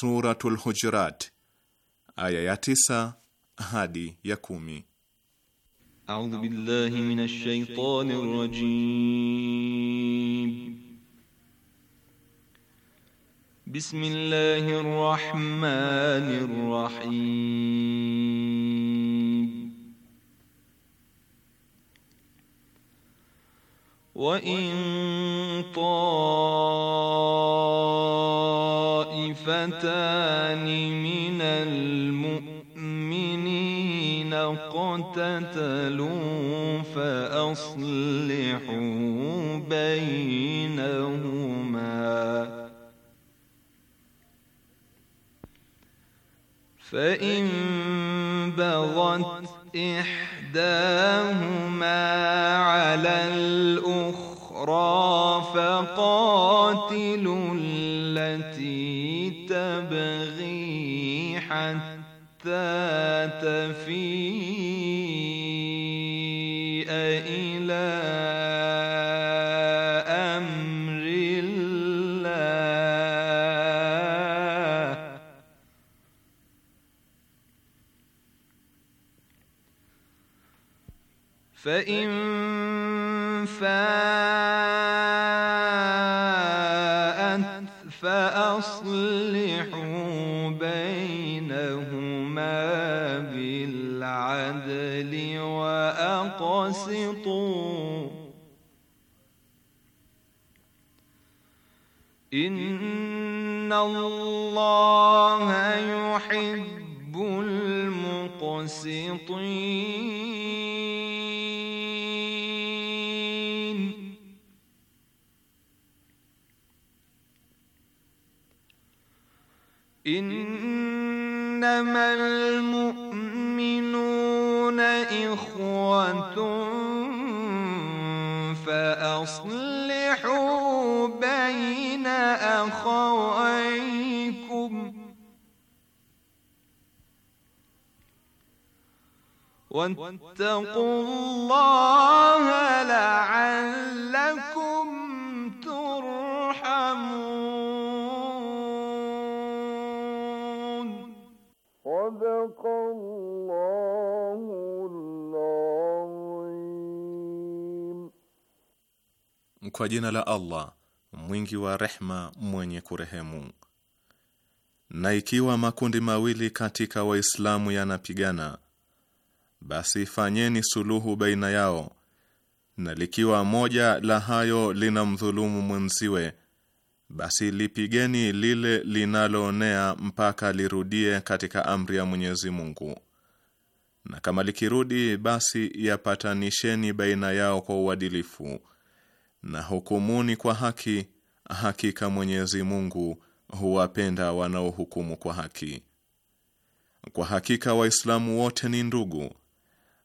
Suratul Hujurat aya ya tisa hadi ya kumi. A'udhu billahi minash shaitanir rajim. Bismillahir rahmanir rahim. Wa in مقتتل فأصلحوا بينهما فإن بغت إحداهما على الأخرى فقاتلوا التي تبغي حتى تفيء واسطوا إن الله يحب المقسطين Kwa jina la Allah mwingi wa rehma mwenye kurehemu. Na ikiwa makundi mawili katika Waislamu yanapigana basi fanyeni suluhu baina yao, na likiwa moja la hayo lina mdhulumu mwenziwe, basi lipigeni lile linaloonea mpaka lirudie katika amri ya Mwenyezi Mungu, na kama likirudi, basi yapatanisheni baina yao kwa uadilifu na hukumuni kwa haki. Hakika Mwenyezi Mungu huwapenda wanaohukumu kwa haki. Kwa hakika Waislamu wote ni ndugu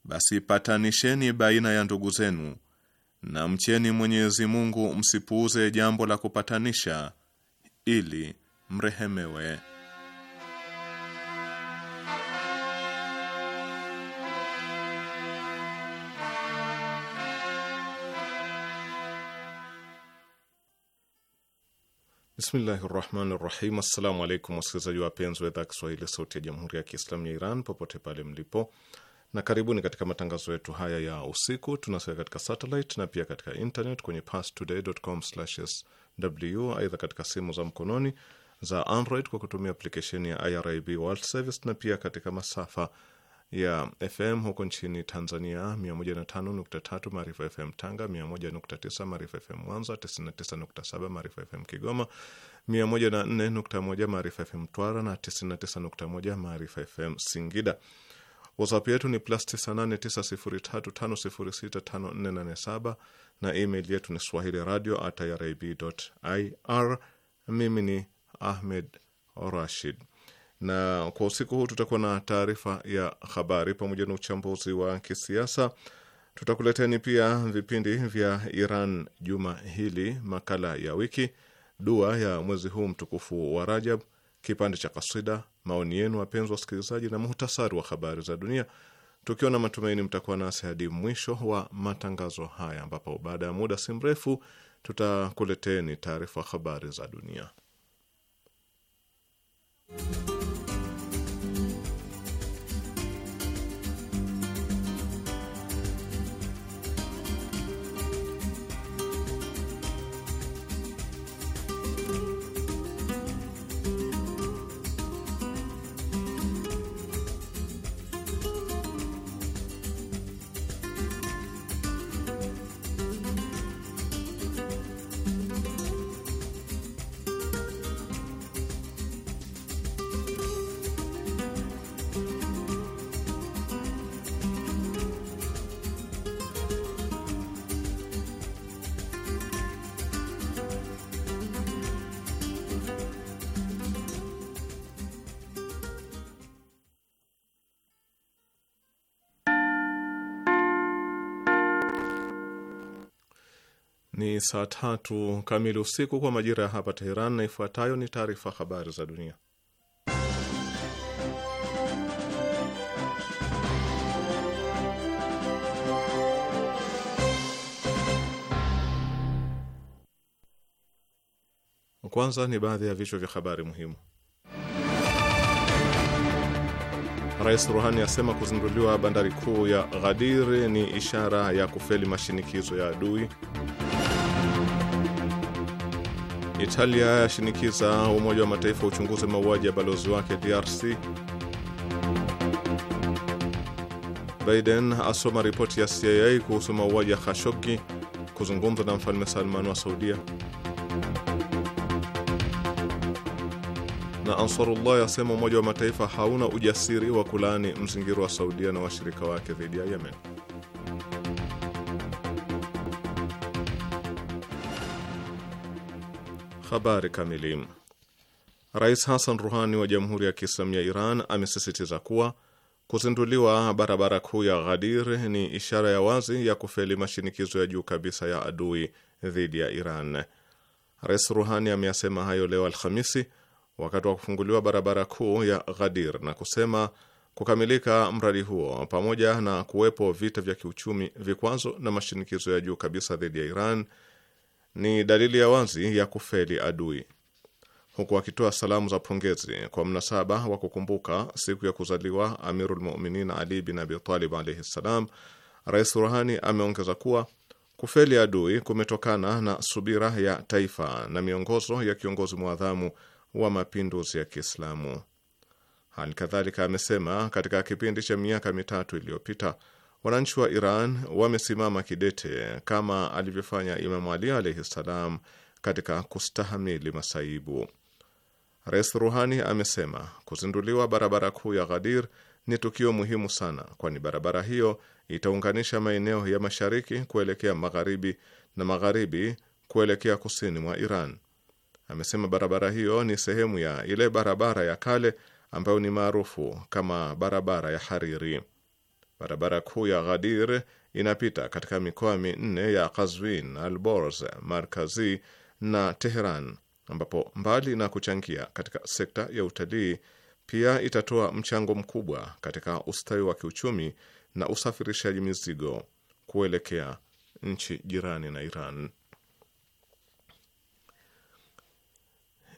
basi patanisheni baina ya ndugu zenu na mcheni Mwenyezi Mungu, msipuuze jambo la kupatanisha ili mrehemewe. Bismillahi rahmani rahim. Assalamu alaikum wasikilizaji wapenzi wa idhaa Kiswahili sauti ya jamhuri ya Kiislamu ya Iran popote pale mlipo na karibuni katika matangazo yetu haya ya usiku. Tunasikia katika satellite na pia katika internet kwenye parstoday.com/sw. Aidha, katika simu za mkononi za Android kwa kutumia aplikesheni ya IRIB World Service na pia katika masafa ya FM huko nchini Tanzania 105.3 Maarifa FM Tanga, 101.9 Maarifa FM Mwanza, 99.7 Maarifa FM Kigoma, 104.1 Maarifa FM Twara na 99.1 Maarifa FM Singida. WhatsApp yetu ni plus 989035065487 na email yetu ni swahili radio at irib.ir. Mimi ni Ahmed Rashid, na kwa usiku huu tutakuwa na taarifa ya habari pamoja na uchambuzi wa kisiasa. Tutakuleteni pia vipindi vya Iran juma hili, makala ya wiki, dua ya mwezi huu mtukufu wa Rajab kipande cha kasida, maoni yenu wapenzi wasikilizaji, na muhtasari wa habari za dunia, tukiwa na matumaini mtakuwa nasi hadi mwisho wa matangazo haya, ambapo baada ya muda si mrefu tutakuleteni taarifa habari za dunia. saa tatu kamili usiku kwa majira ya hapa Teheran, na ifuatayo ni taarifa habari za dunia. Kwanza ni baadhi ya vichwa vya habari muhimu. Rais Ruhani asema kuzinduliwa bandari kuu ya Ghadiri ni ishara ya kufeli mashinikizo ya adui. Italia yashinikiza Umoja wa Mataifa uchunguze mauaji ya balozi wake DRC. Biden asoma ripoti ya CIA kuhusu mauaji ya Khashoggi, kuzungumza na mfalme Salman wa Saudia. Na Ansarullah yasema Umoja wa Mataifa hauna ujasiri wa kulaani mzingiro wa Saudia na washirika wake dhidi ya Yemen. Habari kamili. Rais Hassan Ruhani wa Jamhuri ya Kiislamu ya Iran amesisitiza kuwa kuzinduliwa barabara kuu ya Ghadir ni ishara ya wazi ya kufeli mashinikizo ya juu kabisa ya adui dhidi ya Iran. Rais Ruhani ameyasema hayo leo Alhamisi wakati wa kufunguliwa barabara kuu ya Ghadir na kusema kukamilika mradi huo pamoja na kuwepo vita vya kiuchumi, vikwazo na mashinikizo ya juu kabisa dhidi ya Iran ni dalili ya wazi ya kufeli adui. Huku akitoa salamu za pongezi kwa mnasaba wa kukumbuka siku ya kuzaliwa Amirul Muminin Ali bin Abi Talib alaihi ssalam, Rais Ruhani ameongeza kuwa kufeli adui kumetokana na subira ya taifa na miongozo ya kiongozi mwadhamu wa mapinduzi ya Kiislamu. Hali kadhalika amesema katika kipindi cha miaka mitatu iliyopita wananchi wa Iran wamesimama kidete kama alivyofanya Imamu Ali alaihi ssalam katika kustahamili masaibu. Rais Ruhani amesema kuzinduliwa barabara kuu ya Ghadir ni tukio muhimu sana, kwani barabara hiyo itaunganisha maeneo ya mashariki kuelekea magharibi na magharibi kuelekea kusini mwa Iran. Amesema barabara hiyo ni sehemu ya ile barabara ya kale ambayo ni maarufu kama barabara ya Hariri. Barabara kuu ya Ghadir inapita katika mikoa minne ya Kazwin, Alborz, Markazi na Teheran, ambapo mbali na kuchangia katika sekta ya utalii, pia itatoa mchango mkubwa katika ustawi wa kiuchumi na usafirishaji mizigo kuelekea nchi jirani na Iran.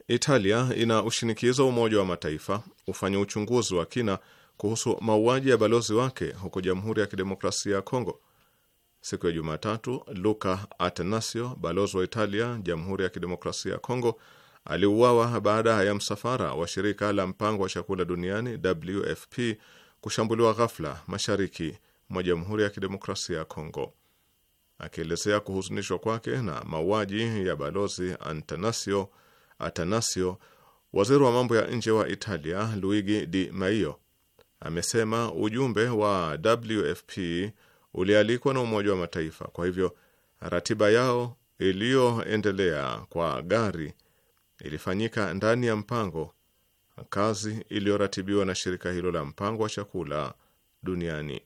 Italia ina ushinikiza Umoja wa Mataifa ufanye uchunguzi wa kina kuhusu mauaji ya balozi wake huko Jamhuri ya Kidemokrasia ya Kongo. Siku ya Jumatatu, luka Atanasio, balozi wa Italia Jamhuri ya Kidemokrasia ya Kongo, aliuawa baada ya msafara wa shirika la mpango wa chakula duniani WFP kushambuliwa ghafla mashariki mwa Jamhuri ya Kidemokrasia ya Kongo. Akielezea kuhuzunishwa kwake na mauaji ya balozi Atanasio, Atanasio, waziri wa mambo ya nje wa Italia Luigi Di Maio amesema ujumbe wa WFP ulialikwa na Umoja wa Mataifa, kwa hivyo ratiba yao iliyoendelea kwa gari ilifanyika ndani ya mpango kazi iliyoratibiwa na shirika hilo la mpango wa chakula duniani.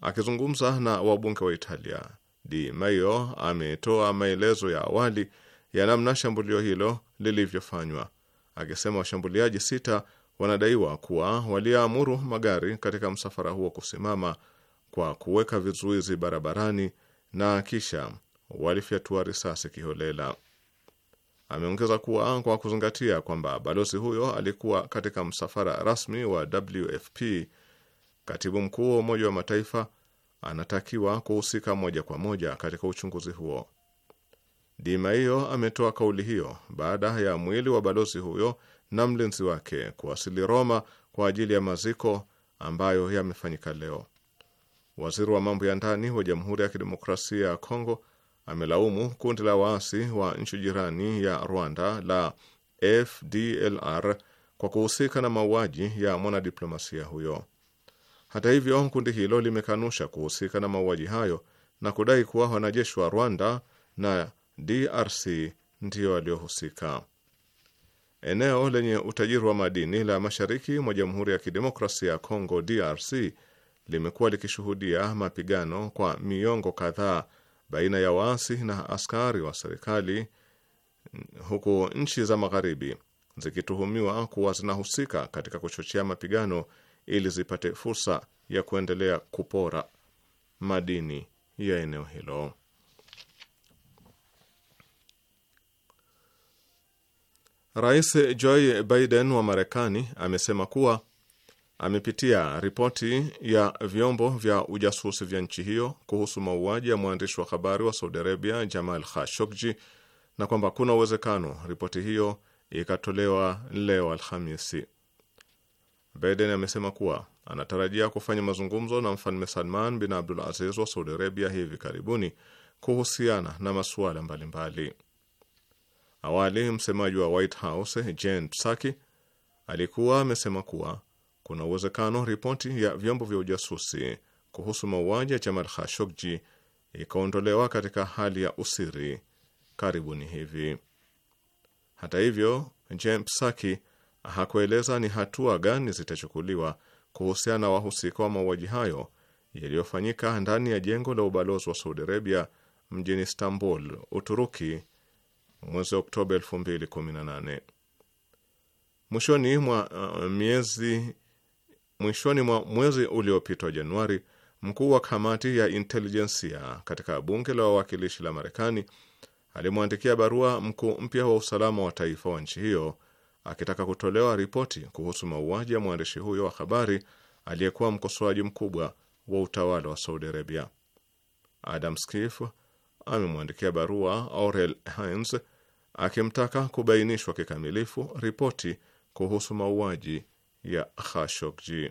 Akizungumza na wabunge wa Italia, Di Maio ametoa maelezo ya awali ya namna shambulio hilo lilivyofanywa, akisema washambuliaji sita wanadaiwa kuwa waliamuru magari katika msafara huo kusimama kwa kuweka vizuizi barabarani na kisha walifyatua risasi kiholela. Ameongeza kuwa kwa kuzingatia kwamba balozi huyo alikuwa katika msafara rasmi wa WFP, katibu mkuu wa Umoja wa Mataifa anatakiwa kuhusika moja kwa moja katika uchunguzi huo. Dima hiyo ametoa kauli hiyo baada ya mwili wa balozi huyo na mlinzi wake kuwasili Roma kwa ajili ya maziko ambayo yamefanyika leo. Waziri wa mambo ya ndani wa Jamhuri ya Kidemokrasia ya Kongo amelaumu kundi la waasi wa nchi jirani ya Rwanda la FDLR kwa kuhusika na mauaji ya mwanadiplomasia huyo. Hata hivyo, kundi hilo limekanusha kuhusika na mauaji hayo na kudai kuwa wanajeshi wa Rwanda na DRC ndiyo waliohusika eneo lenye utajiri wa madini la mashariki mwa Jamhuri ya Kidemokrasia ya Kongo DRC limekuwa likishuhudia mapigano kwa miongo kadhaa baina ya waasi na askari wa serikali, huku nchi za magharibi zikituhumiwa kuwa zinahusika katika kuchochea mapigano ili zipate fursa ya kuendelea kupora madini ya eneo hilo. Rais Joe Biden wa Marekani amesema kuwa amepitia ripoti ya vyombo vya ujasusi vya nchi hiyo kuhusu mauaji ya mwandishi wa habari wa Saudi Arabia Jamal Khashoggi na kwamba kuna uwezekano ripoti hiyo ikatolewa leo Alhamisi. Biden amesema kuwa anatarajia kufanya mazungumzo na Mfalme Salman bin Abdul Aziz wa Saudi Arabia hivi karibuni kuhusiana na masuala mbalimbali. Awali msemaji wa White House Jen Psaki alikuwa amesema kuwa kuna uwezekano ripoti ya vyombo vya ujasusi kuhusu mauaji ya Jamal Khashoggi ikaondolewa katika hali ya usiri karibuni hivi. Hata hivyo, Jen Psaki hakueleza ni hatua gani zitachukuliwa kuhusiana na wahusika wa mauaji hayo yaliyofanyika ndani ya jengo la ubalozi wa Saudi Arabia mjini Istanbul, Uturuki mwezi Oktoba 2018. Mwishoni mwa uh, miezi mwishoni mwa mwezi uliopitwa Januari, mkuu wa kamati ya intelijensia katika bunge la wawakilishi la Marekani alimwandikia barua mkuu mpya wa usalama wa taifa wa nchi hiyo akitaka kutolewa ripoti kuhusu mauaji ya mwandishi huyo wa habari aliyekuwa mkosoaji mkubwa wa utawala wa Saudi Arabia. Adam skif amemwandikia barua Aurel Hines, akimtaka kubainishwa kikamilifu ripoti kuhusu mauaji ya Khashoggi.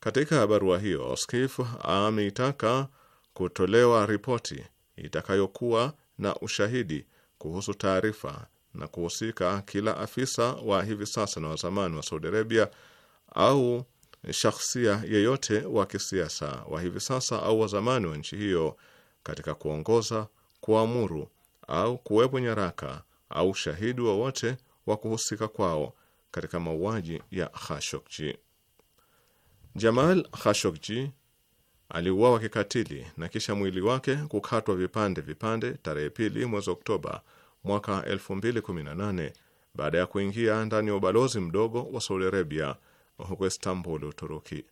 Katika barua hiyo, Skif ameitaka kutolewa ripoti itakayokuwa na ushahidi kuhusu taarifa na kuhusika kila afisa wa hivi sasa na wazamani wa Saudi Arabia au shahsia yeyote wa kisiasa wa hivi sasa au wazamani wa nchi hiyo katika kuongoza, kuamuru au kuwepo nyaraka au shahidi wowote wa kuhusika kwao katika mauaji ya Khashoggi. Jamal Khashoggi aliuawa kikatili na kisha mwili wake kukatwa vipande vipande tarehe pili mwezi Oktoba mwaka 2018 baada ya kuingia ndani ya ubalozi mdogo wa Saudi Arabia huko Istanbul, Uturuki.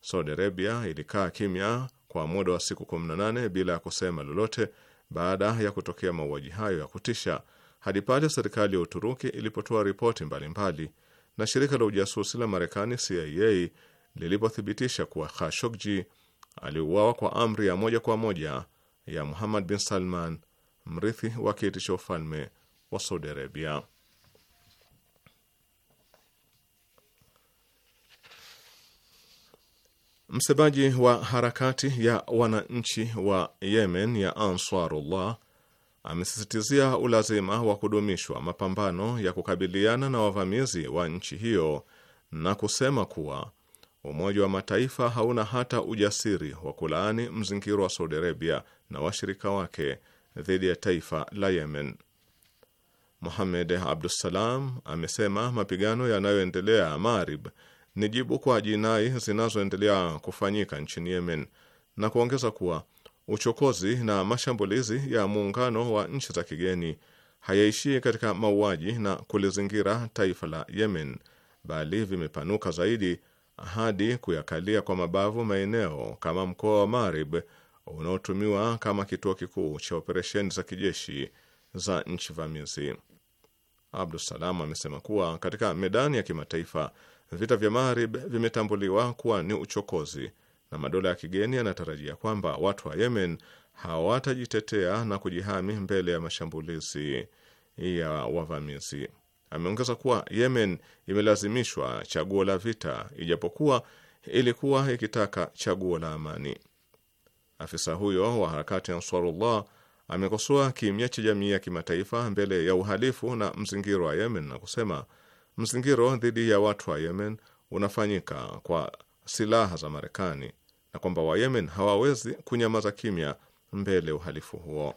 Saudi Arabia ilikaa kimya kwa muda wa siku 18 bila ya kusema lolote baada ya kutokea mauaji hayo ya kutisha hadi pale serikali ya Uturuki ilipotoa ripoti mbalimbali na shirika la ujasusi la Marekani CIA lilipothibitisha kuwa Khashoggi aliuawa kwa amri ya moja kwa moja ya Muhammad bin Salman, mrithi wa kiti cha ufalme wa Saudi Arabia. Msemaji wa harakati ya wananchi wa Yemen ya Ansarullah amesisitizia ulazima wa kudumishwa mapambano ya kukabiliana na wavamizi wa nchi hiyo na kusema kuwa Umoja wa Mataifa hauna hata ujasiri wa kulaani mzingiro wa Saudi Arabia na washirika wake dhidi ya taifa la Yemen. Mohamed Abdusalam amesema mapigano yanayoendelea Marib ni jibu kwa jinai zinazoendelea kufanyika nchini Yemen na kuongeza kuwa uchokozi na mashambulizi ya muungano wa nchi za kigeni hayaishii katika mauaji na kulizingira taifa la Yemen, bali vimepanuka zaidi hadi kuyakalia kwa mabavu maeneo kama mkoa wa Marib unaotumiwa kama kituo kikuu cha operesheni za kijeshi za nchi vamizi. Abdusalam amesema kuwa katika medani ya kimataifa vita vya magharib vimetambuliwa kuwa ni uchokozi na madola ya kigeni yanatarajia kwamba watu wa Yemen hawatajitetea na kujihami mbele ya mashambulizi ya wavamizi. Ameongeza kuwa Yemen imelazimishwa chaguo la vita, ijapokuwa ilikuwa ikitaka chaguo la amani. Afisa huyo wa harakati Ansarullah amekosoa kimya cha jamii ya kimataifa mbele ya uhalifu na mzingiro wa Yemen na kusema mzingiro dhidi ya watu wa Yemen unafanyika kwa silaha za Marekani na kwamba Wayemen hawawezi kunyamaza kimya mbele uhalifu huo.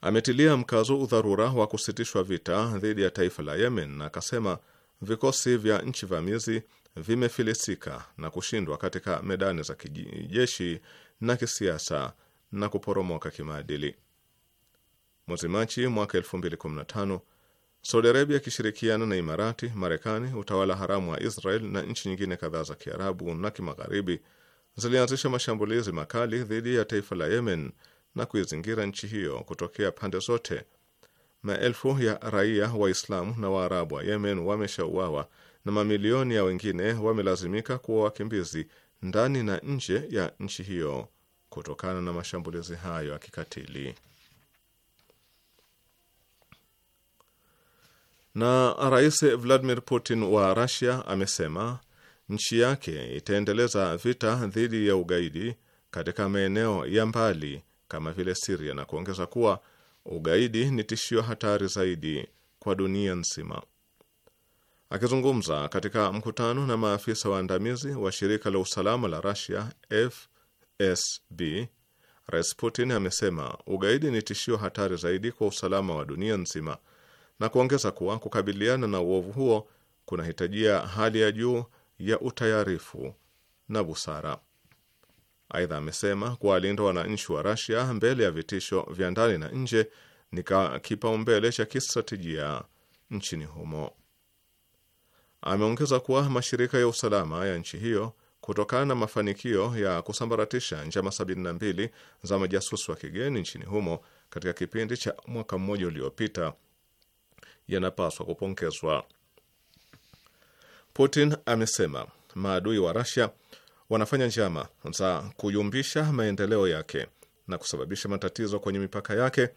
Ametilia mkazo udharura wa kusitishwa vita dhidi ya taifa la Yemen na akasema vikosi vya nchi vamizi vimefilisika na kushindwa katika medani za kijeshi na kisiasa na kuporomoka kimaadili. Mwezi Machi mwaka Saudi Arabia ikishirikiana na Imarati, Marekani, utawala haramu wa Israel na nchi nyingine kadhaa za Kiarabu na Kimagharibi zilianzisha mashambulizi makali dhidi ya taifa la Yemen na kuizingira nchi hiyo kutokea pande zote. Maelfu ya raia Waislamu na Waarabu wa Yemen wameshauawa na mamilioni ya wengine wamelazimika kuwa wakimbizi ndani na nje ya nchi hiyo kutokana na mashambulizi hayo ya kikatili. Na Rais Vladimir Putin wa Russia amesema nchi yake itaendeleza vita dhidi ya ugaidi katika maeneo ya mbali kama vile Siria na kuongeza kuwa ugaidi ni tishio hatari zaidi kwa dunia nzima. Akizungumza katika mkutano na maafisa waandamizi wa shirika la usalama la Russia FSB, Rais Putin amesema ugaidi ni tishio hatari zaidi kwa usalama wa dunia nzima na kuongeza kuwa kukabiliana na uovu huo kunahitajia hali ya juu ya utayarifu na busara. Aidha, amesema kuwalinda wananchi wa Rasia mbele ya vitisho vya ndani na nje ni kipaumbele cha kistratejia nchini humo. Ameongeza kuwa mashirika ya usalama ya nchi hiyo kutokana na mafanikio ya kusambaratisha njama 72 za majasusi wa kigeni nchini humo katika kipindi cha mwaka mmoja uliopita yanapaswa kupongezwa. Putin amesema maadui wa Russia wanafanya njama za kuyumbisha maendeleo yake na kusababisha matatizo kwenye mipaka yake,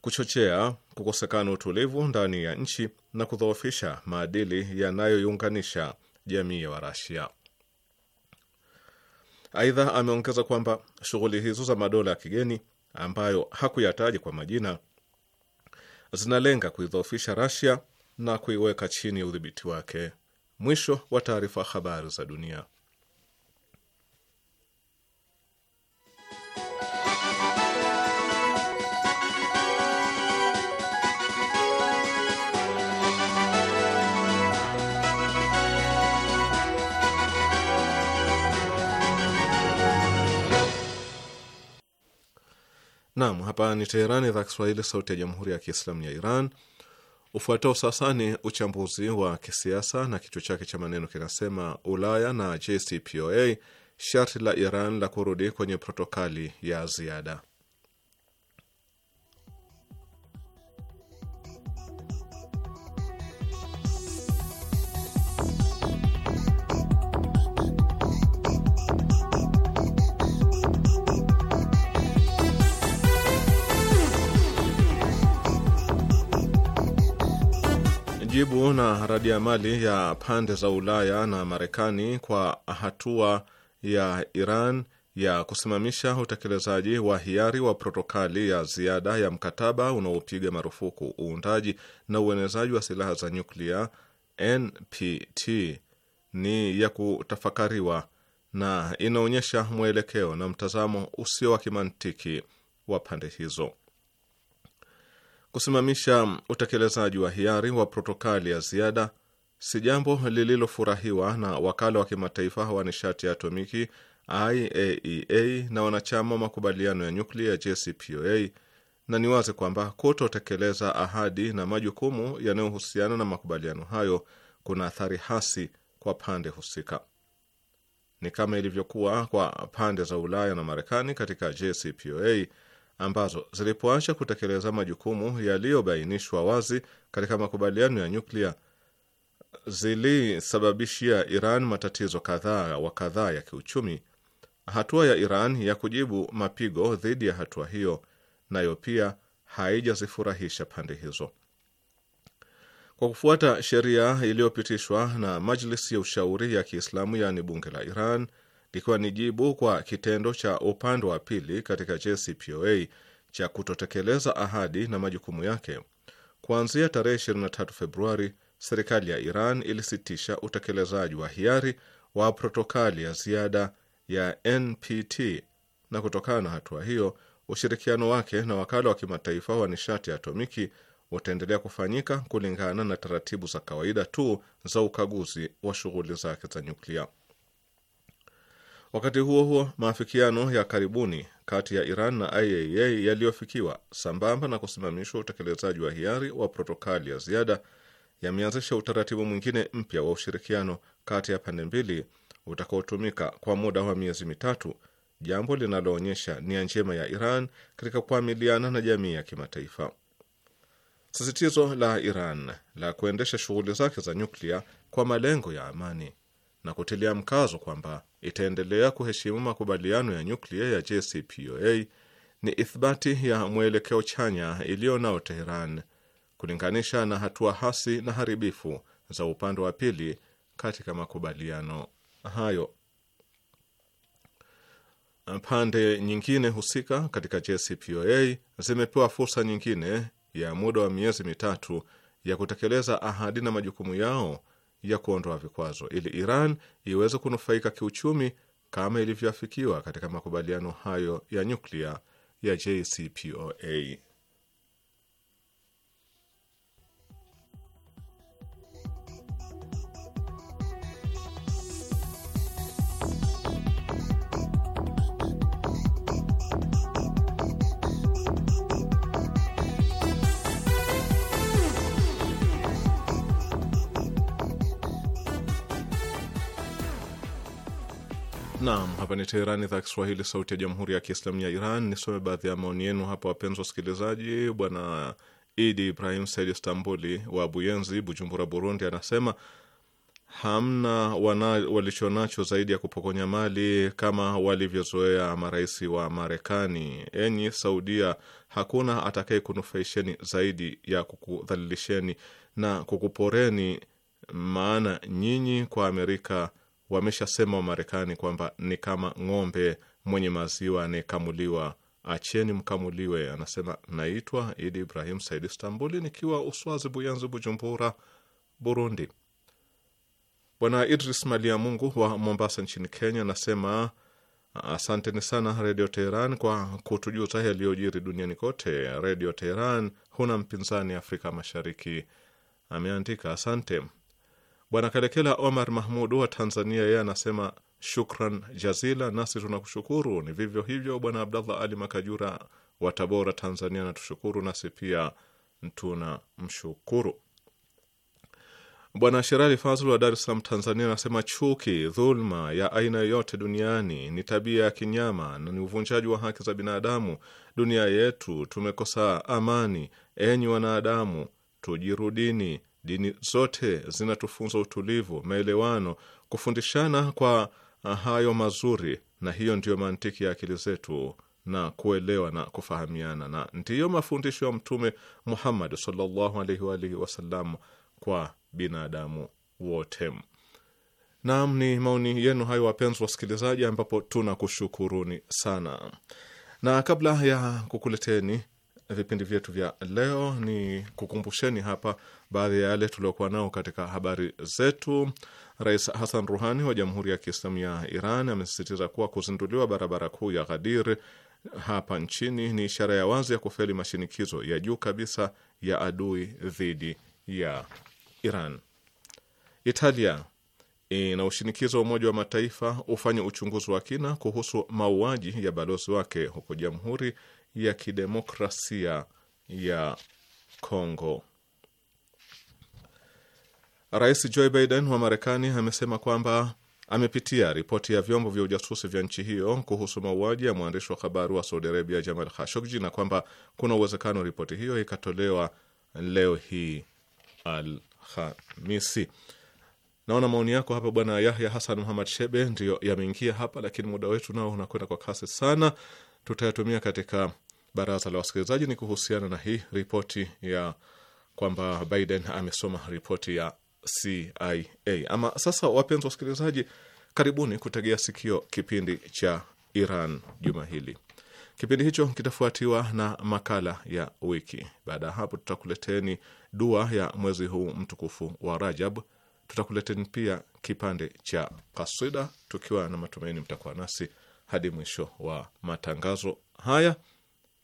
kuchochea kukosekana utulivu ndani ya nchi na kudhoofisha maadili yanayoiunganisha jamii ya Warasia. Aidha, ameongeza kwamba shughuli hizo za madola ya kigeni ambayo hakuyataji kwa majina zinalenga kuidhoofisha Rasia na kuiweka chini ya udhibiti wake. Mwisho wa taarifa. Habari za dunia. Naam, hapa ni Teherani, idhaa Kiswahili, sauti ya jamhuri ya kiislamu ya Iran. Ufuatao sasa ni uchambuzi wa kisiasa na kichwa chake cha maneno kinasema: Ulaya na JCPOA, sharti la Iran la kurudi kwenye protokali ya ziada. kujibu na mali ya pande za Ulaya na Marekani kwa hatua ya Iran ya kusimamisha utekelezaji wa hiari wa protokali ya ziada ya mkataba unaopiga marufuku uundaji na uenezaji wa silaha za nyuklia NPT ni ya kutafakariwa na inaonyesha mwelekeo na mtazamo usio wa kimantiki wa pande hizo. Kusimamisha utekelezaji wa hiari wa protokali ya ziada si jambo lililofurahiwa na wakala wa kimataifa wa nishati ya atomiki IAEA e na wanachama wa makubaliano ya nyuklia ya JCPOA, na ni wazi kwamba kutotekeleza ahadi na majukumu yanayohusiana na makubaliano hayo kuna athari hasi kwa pande husika. Ni kama ilivyokuwa kwa pande za Ulaya na Marekani katika JCPOA ambazo zilipoacha kutekeleza majukumu yaliyobainishwa wazi katika makubaliano ya nyuklia zilisababishia Iran matatizo kadhaa wa kadhaa ya kiuchumi. Hatua ya Iran ya kujibu mapigo dhidi ya hatua hiyo nayo pia haijazifurahisha pande hizo. Kwa kufuata sheria iliyopitishwa na Majlisi ya Ushauri ya Kiislamu, yaani bunge la Iran, likiwa ni jibu kwa kitendo cha upande wa pili katika JCPOA cha kutotekeleza ahadi na majukumu yake. Kuanzia tarehe 23 Februari, serikali ya Iran ilisitisha utekelezaji wa hiari wa protokali ya ziada ya NPT, na kutokana na hatua hiyo ushirikiano wake na wakala wa kimataifa wa nishati ya atomiki utaendelea kufanyika kulingana na taratibu za kawaida tu za ukaguzi wa shughuli zake za nyuklia. Wakati huo huo, maafikiano ya karibuni kati ya Iran na IAEA e yaliyofikiwa sambamba na kusimamishwa utekelezaji wa hiari wa protokali ya ziada yameanzisha utaratibu mwingine mpya wa ushirikiano kati ya pande mbili utakaotumika kwa muda wa miezi mitatu, jambo linaloonyesha nia njema ya Iran katika kuamiliana na jamii ya kimataifa. Sisitizo la Iran la kuendesha shughuli zake za nyuklia kwa malengo ya amani na kutilia mkazo kwamba itaendelea kuheshimu makubaliano ya nyuklia ya JCPOA ni ithbati ya mwelekeo chanya iliyo nao Teheran kulinganisha na hatua hasi na haribifu za upande wa pili katika makubaliano hayo. Pande nyingine husika katika JCPOA zimepewa fursa nyingine ya muda wa miezi mitatu ya kutekeleza ahadi na majukumu yao ya kuondoa vikwazo ili Iran iweze kunufaika kiuchumi kama ilivyoafikiwa katika makubaliano hayo ya nyuklia ya JCPOA. Naam, hapa ni Teherani, idhaa Kiswahili, sauti ya jamhuri ya kiislamu ya Iran. Nisome baadhi ya maoni yenu hapa, wapenzi wasikilizaji. Bwana Idi Ibrahim Said Istambuli wa Buyenzi, Bujumbura, Burundi, anasema hamna walichonacho zaidi ya kupokonya mali kama walivyozoea marais wa Marekani. Enyi Saudia, hakuna atakaye kunufaisheni zaidi ya kukudhalilisheni na kukuporeni, maana nyinyi kwa Amerika wameshasema Wamarekani kwamba ni kama ng'ombe mwenye maziwa anayekamuliwa, acheni mkamuliwe. Anasema naitwa Idi Ibrahim Said Istambuli, nikiwa Uswazi Buyanzi, Bujumbura, Burundi. Bwana Idris Malia Mungu wa Mombasa nchini Kenya anasema asanteni sana Redio Teheran kwa kutujuza yaliyojiri duniani kote. Redio Teheran huna mpinzani Afrika Mashariki, ameandika. Asante. Bwana Kalekela Omar Mahmud wa Tanzania, yeye anasema shukran jazila, nasi tunakushukuru. Ni vivyo hivyo Bwana Abdallah Ali Makajura wa Tabora, Tanzania, natushukuru, nasi pia mshukuru. Bwana Sherali Fazl wa Dar es Salaam, Tanzania, anasema chuki, dhulma ya aina yoyote duniani ni tabia ya kinyama na ni uvunjaji wa haki za binadamu. Dunia yetu tumekosa amani. Enyi wanadamu, tujirudini Dini zote zinatufunza utulivu, maelewano, kufundishana kwa ah, hayo mazuri, na hiyo ndiyo mantiki ya akili zetu na kuelewa na kufahamiana, na ndiyo mafundisho ya Mtume Muhammad sallallahu alaihi wa alihi wasallam kwa binadamu wote. Naam, ni maoni yenu hayo, wapenzi wasikilizaji, ambapo tunakushukuruni sana, na kabla ya kukuleteni vipindi vyetu vya leo, ni kukumbusheni hapa baadhi ya yale tuliokuwa nao katika habari zetu. Rais Hassan Ruhani wa Jamhuri ya Kiislamu ya Iran amesisitiza kuwa kuzinduliwa barabara kuu ya Ghadir hapa nchini ni ishara ya wazi ya kufeli mashinikizo ya juu kabisa ya adui dhidi ya Iran. Italia ina ushinikizo wa Umoja wa Mataifa ufanye uchunguzi wa kina kuhusu mauaji ya balozi wake huko Jamhuri ya kidemokrasia ya Kongo. Rais Joe Biden wa Marekani amesema kwamba amepitia ripoti ya vyombo vya ujasusi vya nchi hiyo kuhusu mauaji ya mwandishi wa habari wa Saudi Arabia Jamal Khashoggi na kwamba kuna uwezekano ripoti hiyo ikatolewa leo hii Alhamisi. Naona maoni yako hapa Bwana Yahya Hasan Muhamad Shebe ndiyo yameingia hapa, lakini muda wetu nao unakwenda kwa kasi sana tutayatumia katika baraza la wasikilizaji ni kuhusiana na hii ripoti ya kwamba Biden amesoma ripoti ya CIA. Ama sasa, wapenzi wasikilizaji, karibuni kutegea sikio kipindi cha Iran juma hili. Kipindi hicho kitafuatiwa na makala ya wiki. Baada ya hapo, tutakuleteni dua ya mwezi huu mtukufu wa Rajab. Tutakuleteni pia kipande cha kasida, tukiwa na matumaini mtakuwa nasi hadi mwisho wa matangazo haya.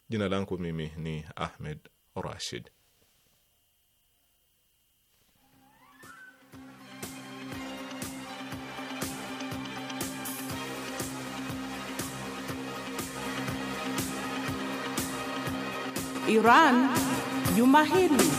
Jina langu mimi ni Ahmed Rashid. Iran Juma Hili.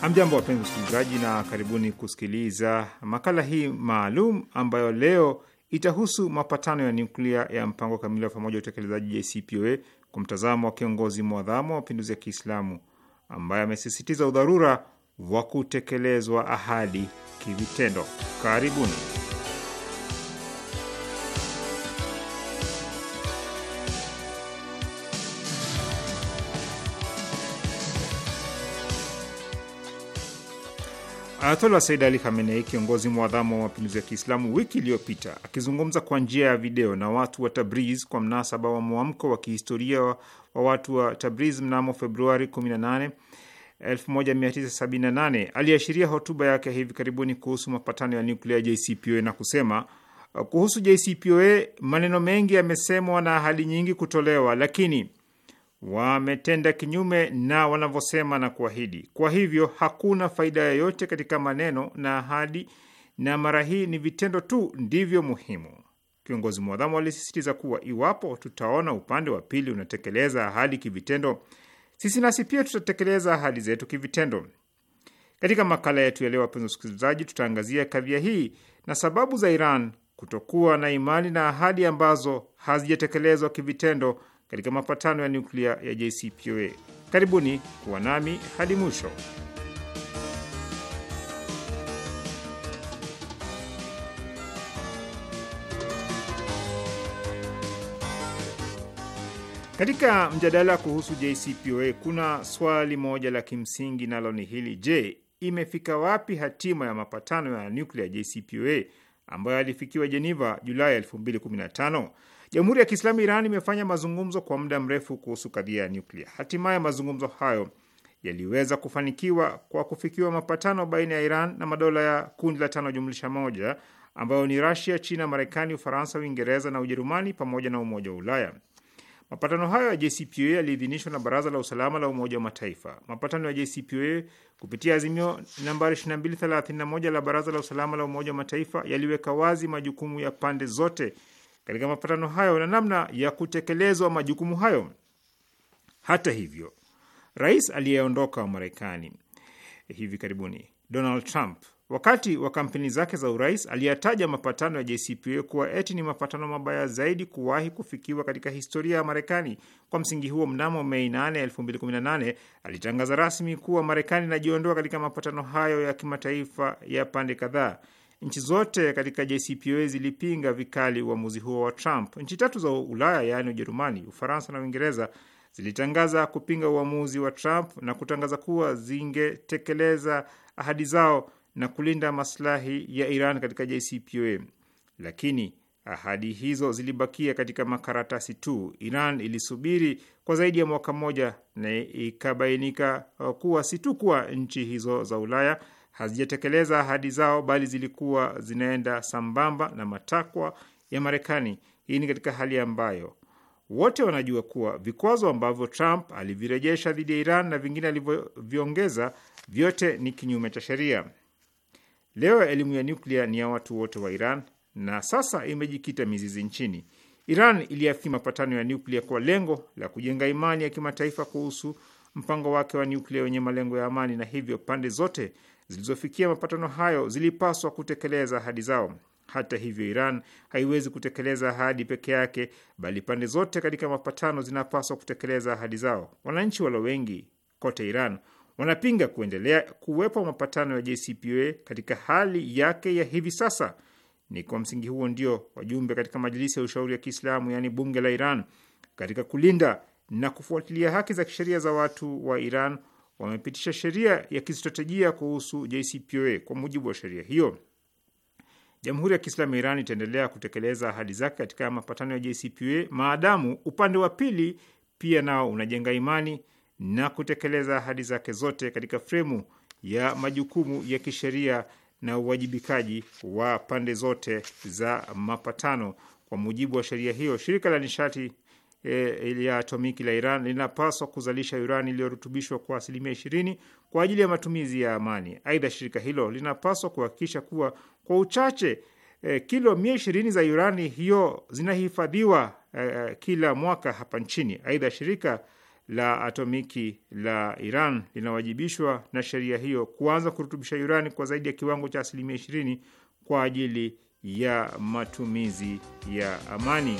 Hamjambo wapenzi msikilizaji, na karibuni kusikiliza makala hii maalum ambayo leo itahusu mapatano ya nyuklia ya mpango kamili wa pamoja utekelezaji JCPOA kwa mtazamo wa kiongozi mwadhamu wa mapinduzi ya Kiislamu ambaye amesisitiza udharura wa kutekelezwa ahadi kivitendo. Karibuni. Ayatollah Said Ali Khamenei, kiongozi mwadhamu wa mapinduzi ya Kiislamu, wiki iliyopita akizungumza kwa njia ya video na watu wa Tabriz kwa mnasaba wa mwamko wa kihistoria wa watu wa Tabriz mnamo Februari 18 1978 aliashiria hotuba yake hivi karibuni kuhusu mapatano ya nuklia JCPOA na kusema kuhusu JCPOA, maneno mengi yamesemwa na ahadi nyingi kutolewa, lakini wametenda kinyume na wanavyosema na kuahidi. Kwa hivyo hakuna faida yoyote katika maneno na ahadi, na mara hii ni vitendo tu ndivyo muhimu. Kiongozi mwadhamu alisisitiza kuwa iwapo tutaona upande wa pili unatekeleza ahadi kivitendo, sisi nasi pia tutatekeleza ahadi zetu kivitendo. Katika makala yetu ya leo, wapenzi wasikilizaji, tutaangazia kadhia hii na sababu za Iran kutokuwa na imani na ahadi ambazo hazijatekelezwa kivitendo katika mapatano ya nyuklia ya JCPOA. Karibuni kuwa nami hadi mwisho. Katika mjadala kuhusu JCPOA kuna swali moja la kimsingi, nalo ni hili: je, imefika wapi hatima ya mapatano ya nyuklia JCPOA ambayo yalifikiwa Jeneva Julai 2015? Jamhuri ya Kiislamu Iran imefanya mazungumzo kwa muda mrefu kuhusu kadhia ya nyuklia. Hatimaye mazungumzo hayo yaliweza kufanikiwa kwa kufikiwa mapatano baina ya Iran na madola ya kundi la tano jumlisha moja ambayo ni Rasia, China, Marekani, Ufaransa, Uingereza na Ujerumani pamoja na Umoja wa Ulaya. Mapatano hayo ya JCPOA yaliidhinishwa na Baraza la Usalama la Umoja wa Mataifa. Mapatano ya JCPOA kupitia azimio nambari 2231 la Baraza la Usalama la Umoja wa Mataifa yaliweka wazi majukumu ya pande zote katika mapatano hayo na namna ya kutekelezwa majukumu hayo. Hata hivyo, rais aliyeondoka wa Marekani hivi karibuni Donald Trump wakati wa kampeni zake za urais aliyataja mapatano ya JCPOA kuwa eti ni mapatano mabaya zaidi kuwahi kufikiwa katika historia ya Marekani. Kwa msingi huo, mnamo Mei 8, 2018 alitangaza rasmi kuwa Marekani inajiondoa katika mapatano hayo ya kimataifa ya pande kadhaa. Nchi zote katika JCPOA zilipinga vikali uamuzi huo wa Trump. Nchi tatu za Ulaya yaani Ujerumani, Ufaransa na Uingereza zilitangaza kupinga uamuzi wa Trump na kutangaza kuwa zingetekeleza ahadi zao na kulinda maslahi ya Iran katika JCPOA, lakini ahadi hizo zilibakia katika makaratasi tu. Iran ilisubiri kwa zaidi ya mwaka mmoja na ikabainika kuwa si tu kuwa nchi hizo za Ulaya hazijatekeleza ahadi zao, bali zilikuwa zinaenda sambamba na matakwa ya Marekani. Hii ni katika hali ambayo wote wanajua kuwa vikwazo ambavyo Trump alivirejesha dhidi ya Iran na vingine alivyoviongeza vyote ni kinyume cha sheria. Leo elimu ya nyuklia ni ya watu wote wa Iran na sasa imejikita mizizi nchini. Iran iliafiki mapatano ya nyuklia kwa lengo la kujenga imani ya kimataifa kuhusu mpango wake wa nyuklia wenye malengo ya amani, na hivyo pande zote zilizofikia mapatano hayo zilipaswa kutekeleza ahadi zao. Hata hivyo, Iran haiwezi kutekeleza ahadi peke yake, bali pande zote katika mapatano zinapaswa kutekeleza ahadi zao. Wananchi walio wengi kote Iran wanapinga kuendelea kuwepo mapatano ya JCPOA katika hali yake ya hivi sasa. Ni kwa msingi huo ndio wajumbe katika Majilisi ya Ushauri ya Kiislamu, yaani bunge la Iran, katika kulinda na kufuatilia haki za kisheria za watu wa Iran wamepitisha sheria ya kistratejia kuhusu JCPOA. Kwa mujibu wa sheria hiyo, Jamhuri ya Kiislamu ya Iran itaendelea kutekeleza ahadi zake katika mapatano ya JCPOA maadamu upande wa pili pia nao unajenga imani na kutekeleza ahadi zake zote katika fremu ya majukumu ya kisheria na uwajibikaji wa pande zote za mapatano. Kwa mujibu wa sheria hiyo, shirika la nishati e, ya atomiki la Iran linapaswa kuzalisha urani iliyorutubishwa kwa asilimia ishirini kwa ajili ya matumizi ya amani. Aidha, shirika hilo linapaswa kuhakikisha kuwa kwa uchache e, kilo mia ishirini za urani hiyo zinahifadhiwa e, kila mwaka hapa nchini. Aidha, shirika la atomiki la Iran linawajibishwa na sheria hiyo kuanza kurutubisha urani kwa zaidi ya kiwango cha asilimia ishirini kwa ajili ya matumizi ya amani.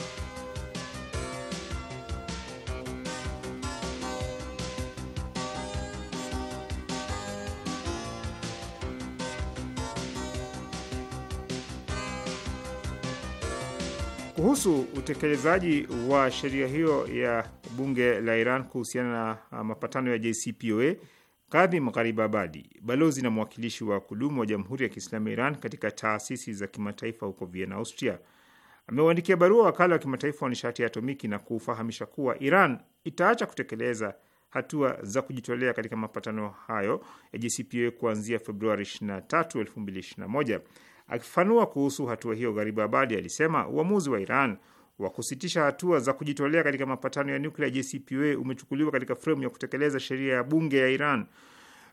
kuhusu utekelezaji wa sheria hiyo ya bunge la Iran kuhusiana na ah, mapatano ya JCPOA, Kadhi Magharibi Abadi, balozi na mwakilishi wa kudumu wa Jamhuri ya Kiislamu ya Iran katika taasisi za kimataifa huko Vienna, Austria, ameuandikia barua wakala wa kimataifa wa nishati ya atomiki na kuufahamisha kuwa Iran itaacha kutekeleza hatua za kujitolea katika mapatano hayo ya JCPOA kuanzia Februari 23, 2021. Akifanua kuhusu hatua hiyo, Gharibabadi alisema uamuzi wa Iran wa kusitisha hatua za kujitolea katika mapatano ya nuklia JCPOA umechukuliwa katika fremu ya kutekeleza sheria ya bunge ya Iran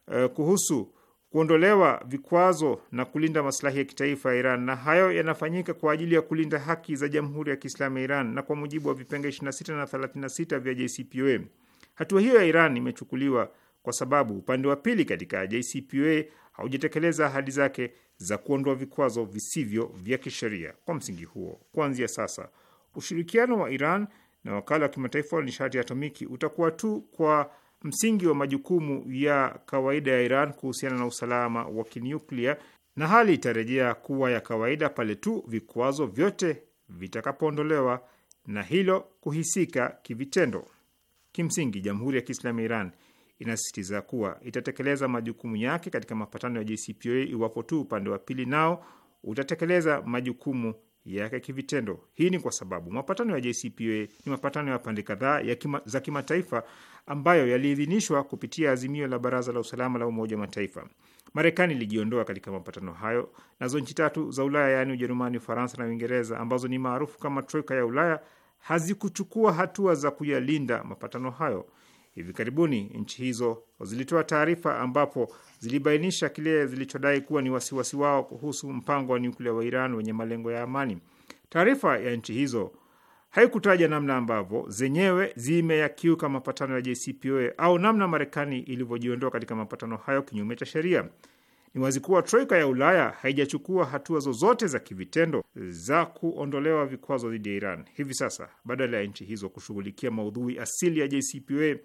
uh, kuhusu kuondolewa vikwazo na kulinda maslahi ya kitaifa ya Iran, na hayo yanafanyika kwa ajili ya kulinda haki za Jamhuri ya Kiislamu ya Iran na kwa mujibu wa vipenge 26 na 36 vya JCPOA. Hatua hiyo ya Iran imechukuliwa kwa sababu upande wa pili katika JCPOA haujatekeleza ahadi zake za kuondoa vikwazo visivyo vya kisheria. Kwa msingi huo, kuanzia sasa ushirikiano wa Iran na wakala wa kimataifa wa nishati ya atomiki utakuwa tu kwa msingi wa majukumu ya kawaida ya Iran kuhusiana na usalama wa kinuklia, na hali itarejea kuwa ya kawaida pale tu vikwazo vyote vitakapoondolewa na hilo kuhisika kivitendo. Kimsingi, Jamhuri ya Kiislamu ya Iran inasisitiza kuwa itatekeleza majukumu yake katika mapatano ya JCPOA iwapo tu upande wa pili nao utatekeleza majukumu yake kivitendo. Hii ni kwa sababu mapatano ya JCPOA ni mapatano ya pande kadhaa kima, za kimataifa ambayo yaliidhinishwa kupitia azimio la Baraza la Usalama la Umoja wa Mataifa. Marekani ilijiondoa katika mapatano hayo, nazo nchi tatu za Ulaya yaani Ujerumani, Ufaransa na Uingereza ambazo ni maarufu kama troika ya Ulaya hazikuchukua hatua za kuyalinda mapatano hayo. Hivi karibuni nchi hizo zilitoa taarifa ambapo zilibainisha kile zilichodai kuwa ni wasiwasi wao kuhusu mpango wa nyuklia wa Iran wenye malengo ya amani. Taarifa ya nchi hizo haikutaja namna ambavyo zenyewe zimeyakiuka mapatano ya JCPOA au namna Marekani ilivyojiondoa katika mapatano hayo kinyume cha sheria. Ni wazi kuwa troika ya Ulaya haijachukua hatua zozote za kivitendo za kuondolewa vikwazo dhidi ya Iran. Hivi sasa, badala ya nchi hizo kushughulikia maudhui asili ya JCPOA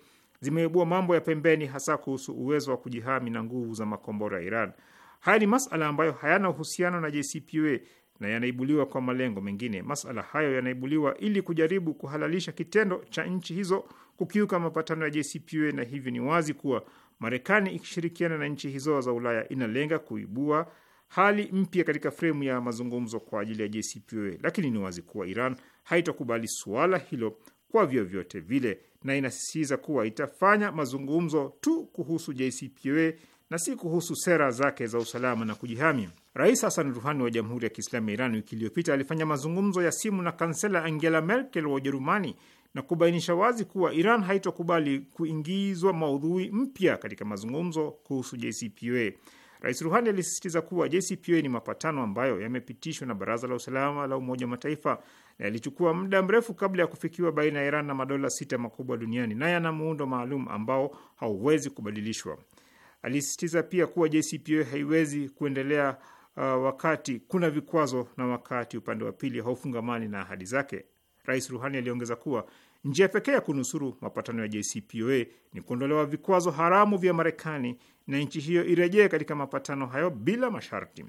zimeibua mambo ya pembeni, hasa kuhusu uwezo wa kujihami na nguvu za makombora ya Iran. Haya ni masala ambayo hayana uhusiano na JCPOA na yanaibuliwa kwa malengo mengine. Masala hayo yanaibuliwa ili kujaribu kuhalalisha kitendo cha nchi hizo kukiuka mapatano ya JCPOA, na hivyo ni wazi kuwa Marekani ikishirikiana na nchi hizo za Ulaya inalenga kuibua hali mpya katika fremu ya mazungumzo kwa ajili ya JCPOA, lakini ni wazi kuwa Iran haitakubali suala hilo kwa vyovyote vile, na inasisitiza kuwa itafanya mazungumzo tu kuhusu JCPOA na si kuhusu sera zake za usalama na kujihami. Rais Hasan Ruhani wa Jamhuri ya Kiislamu ya Iran wiki iliyopita alifanya mazungumzo ya simu na kansela Angela Merkel wa Ujerumani na kubainisha wazi kuwa Iran haitokubali kuingizwa maudhui mpya katika mazungumzo kuhusu JCPOA. Rais Ruhani alisisitiza kuwa JCPOA ni mapatano ambayo yamepitishwa na Baraza la Usalama la Umoja wa Mataifa na ilichukua muda mrefu kabla ya kufikiwa baina ya Iran na madola sita makubwa duniani, na yana muundo maalum ambao hauwezi kubadilishwa. Alisisitiza pia kuwa JCPOA haiwezi kuendelea uh, wakati kuna vikwazo na wakati upande wa pili haufungamani na ahadi zake. Rais Ruhani aliongeza kuwa njia pekee ya kunusuru mapatano ya JCPOA ni kuondolewa vikwazo haramu vya Marekani na nchi hiyo irejee katika mapatano hayo bila masharti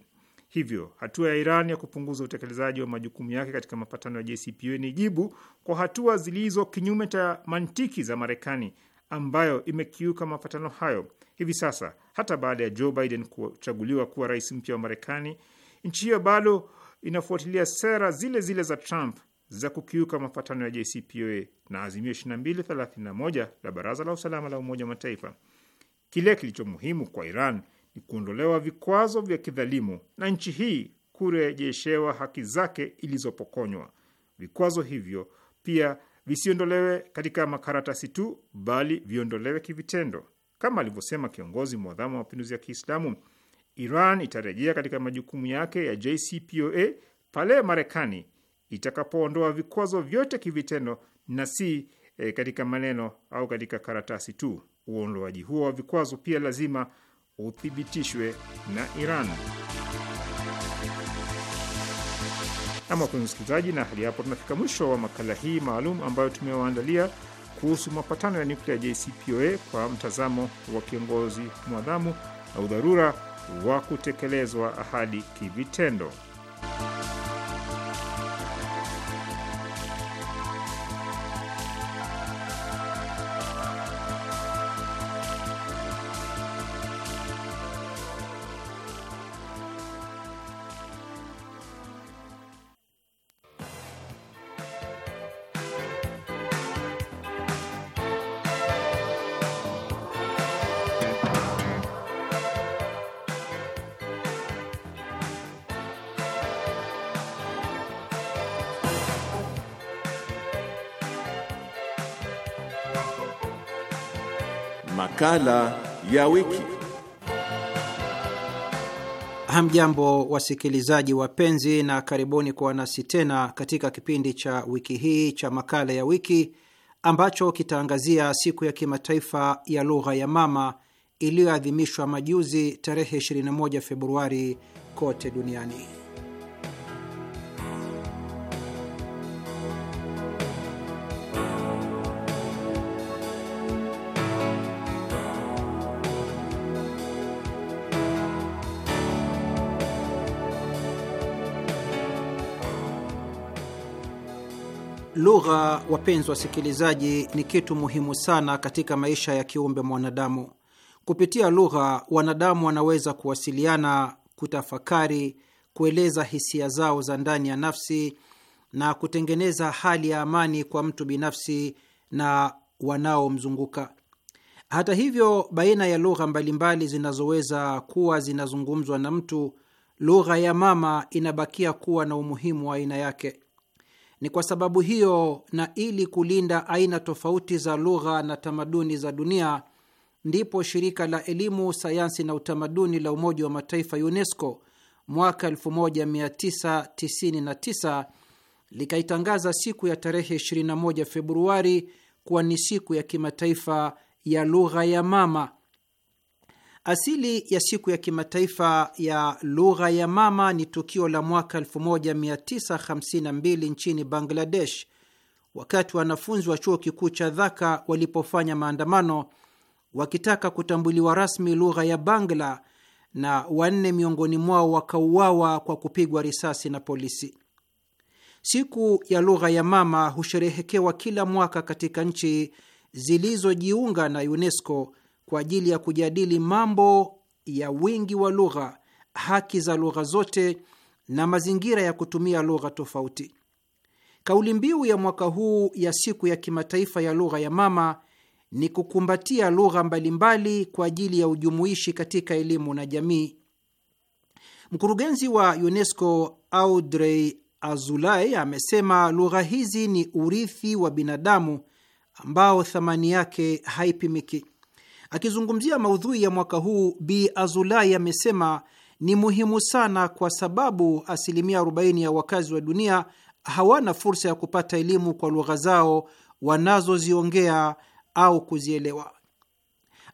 hivyo. Hatua ya Iran ya kupunguza utekelezaji wa majukumu yake katika mapatano ya JCPOA ni jibu kwa hatua zilizo kinyume cha mantiki za Marekani ambayo imekiuka mapatano hayo. Hivi sasa hata baada ya Joe Biden kuchaguliwa kuwa rais mpya wa Marekani, nchi hiyo bado inafuatilia sera zile zile za Trump za kukiuka mapatano ya JCPOA na azimio 2231 la Baraza la Usalama la Umoja wa Mataifa. Kile kilicho muhimu kwa Iran ni kuondolewa vikwazo vya kidhalimu na nchi hii kurejeshewa haki zake ilizopokonywa. Vikwazo hivyo pia visiondolewe katika makaratasi tu, bali viondolewe kivitendo. Kama alivyosema kiongozi mwadhamu wa mapinduzi ya Kiislamu, Iran itarejea katika majukumu yake ya JCPOA pale Marekani itakapoondoa vikwazo vyote kivitendo na si e, katika maneno au katika karatasi tu. Uondoaji huo wa vikwazo pia lazima uthibitishwe na Iran. Wapenzi msikilizaji, na hadi hapo tunafika mwisho wa makala hii maalum ambayo tumewaandalia kuhusu mapatano ya nyuklia JCPOA kwa mtazamo wa kiongozi mwadhamu na udharura wa kutekelezwa ahadi kivitendo. makala ya wiki. Hamjambo wasikilizaji wapenzi, na karibuni kwa nasi tena katika kipindi cha wiki hii cha makala ya wiki ambacho kitaangazia siku ya kimataifa ya lugha ya mama iliyoadhimishwa majuzi tarehe 21 Februari kote duniani. Lugha, wapenzi wasikilizaji, ni kitu muhimu sana katika maisha ya kiumbe mwanadamu. Kupitia lugha, wanadamu wanaweza kuwasiliana, kutafakari, kueleza hisia zao za ndani ya nafsi na kutengeneza hali ya amani kwa mtu binafsi na wanaomzunguka. Hata hivyo, baina ya lugha mbalimbali zinazoweza kuwa zinazungumzwa na mtu, lugha ya mama inabakia kuwa na umuhimu wa aina yake. Ni kwa sababu hiyo na ili kulinda aina tofauti za lugha na tamaduni za dunia, ndipo shirika la elimu, sayansi na utamaduni la Umoja wa Mataifa UNESCO mwaka 1999 likaitangaza siku ya tarehe 21 Februari kuwa ni siku ya kimataifa ya lugha ya mama Asili ya siku ya kimataifa ya lugha ya mama ni tukio la mwaka 1952 nchini Bangladesh, wakati wanafunzi wa chuo kikuu cha Dhaka walipofanya maandamano wakitaka kutambuliwa rasmi lugha ya Bangla, na wanne miongoni mwao wakauawa kwa kupigwa risasi na polisi. Siku ya lugha ya mama husherehekewa kila mwaka katika nchi zilizojiunga na UNESCO kwa ajili ya kujadili mambo ya wingi wa lugha, haki za lugha zote na mazingira ya kutumia lugha tofauti. Kauli mbiu ya mwaka huu ya siku ya kimataifa ya lugha ya mama ni kukumbatia lugha mbalimbali kwa ajili ya ujumuishi katika elimu na jamii. Mkurugenzi wa UNESCO Audrey Azulay amesema lugha hizi ni urithi wa binadamu ambao thamani yake haipimiki. Akizungumzia maudhui ya mwaka huu, Bi Azulai amesema ni muhimu sana kwa sababu asilimia 40 ya wakazi wa dunia hawana fursa ya kupata elimu kwa lugha zao wanazoziongea au kuzielewa.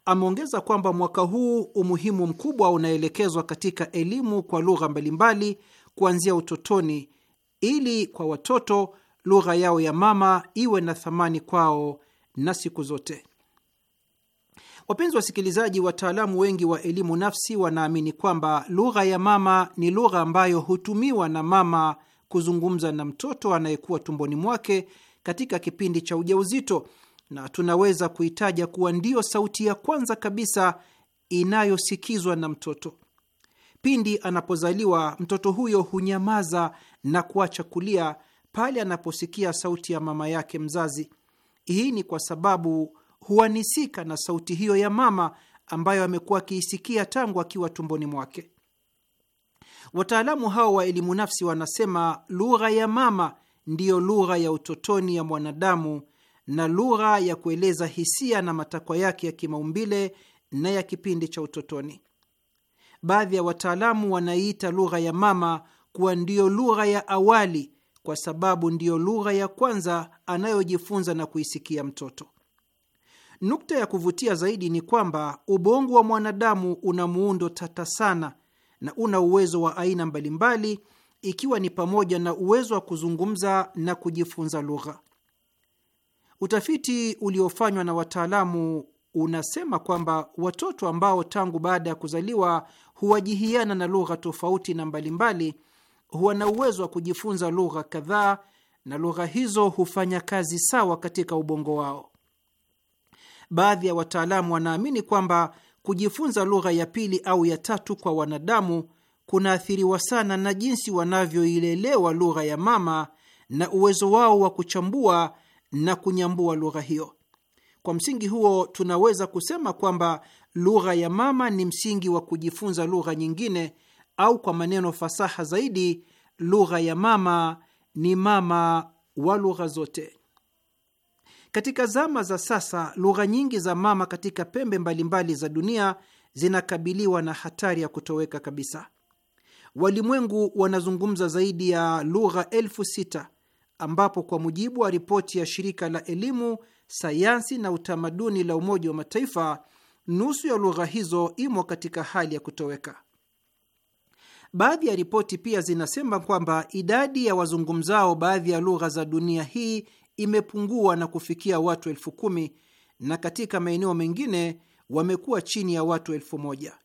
Ameongeza kwamba mwaka huu umuhimu mkubwa unaelekezwa katika elimu kwa lugha mbalimbali kuanzia utotoni, ili kwa watoto lugha yao ya mama iwe na thamani kwao na siku zote. Wapenzi wasikilizaji, wataalamu wengi wa elimu nafsi wanaamini kwamba lugha ya mama ni lugha ambayo hutumiwa na mama kuzungumza na mtoto anayekuwa tumboni mwake katika kipindi cha ujauzito, na tunaweza kuitaja kuwa ndiyo sauti ya kwanza kabisa inayosikizwa na mtoto. Pindi anapozaliwa, mtoto huyo hunyamaza na kuacha kulia pale anaposikia sauti ya mama yake mzazi. Hii ni kwa sababu huanisika na sauti hiyo ya mama ambayo amekuwa akiisikia tangu akiwa tumboni mwake. Wataalamu hao wa elimu nafsi wanasema lugha ya mama ndiyo lugha ya utotoni ya mwanadamu na lugha ya kueleza hisia na matakwa yake ya kimaumbile na ya kipindi cha utotoni. Baadhi ya wataalamu wanaiita lugha ya mama kuwa ndiyo lugha ya awali, kwa sababu ndiyo lugha ya kwanza anayojifunza na kuisikia mtoto. Nukta ya kuvutia zaidi ni kwamba ubongo wa mwanadamu una muundo tata sana na una uwezo wa aina mbalimbali, ikiwa ni pamoja na uwezo wa kuzungumza na kujifunza lugha. Utafiti uliofanywa na wataalamu unasema kwamba watoto ambao tangu baada ya kuzaliwa huwajihiana na lugha tofauti na mbalimbali huwa na uwezo wa kujifunza lugha kadhaa na lugha hizo hufanya kazi sawa katika ubongo wao baadhi ya wataalamu wanaamini kwamba kujifunza lugha ya pili au ya tatu kwa wanadamu kunaathiriwa sana na jinsi wanavyoilelewa lugha ya mama na uwezo wao wa kuchambua na kunyambua lugha hiyo. Kwa msingi huo, tunaweza kusema kwamba lugha ya mama ni msingi wa kujifunza lugha nyingine, au kwa maneno fasaha zaidi, lugha ya mama ni mama wa lugha zote. Katika zama za sasa, lugha nyingi za mama katika pembe mbalimbali mbali za dunia zinakabiliwa na hatari ya kutoweka kabisa. Walimwengu wanazungumza zaidi ya lugha elfu sita ambapo kwa mujibu wa ripoti ya shirika la elimu, sayansi na utamaduni la Umoja wa Mataifa, nusu ya lugha hizo imo katika hali ya kutoweka. Baadhi ya ripoti pia zinasema kwamba idadi ya wazungumzao baadhi ya lugha za dunia hii imepungua na kufikia watu elfu kumi na katika maeneo mengine wamekuwa chini ya watu elfu moja.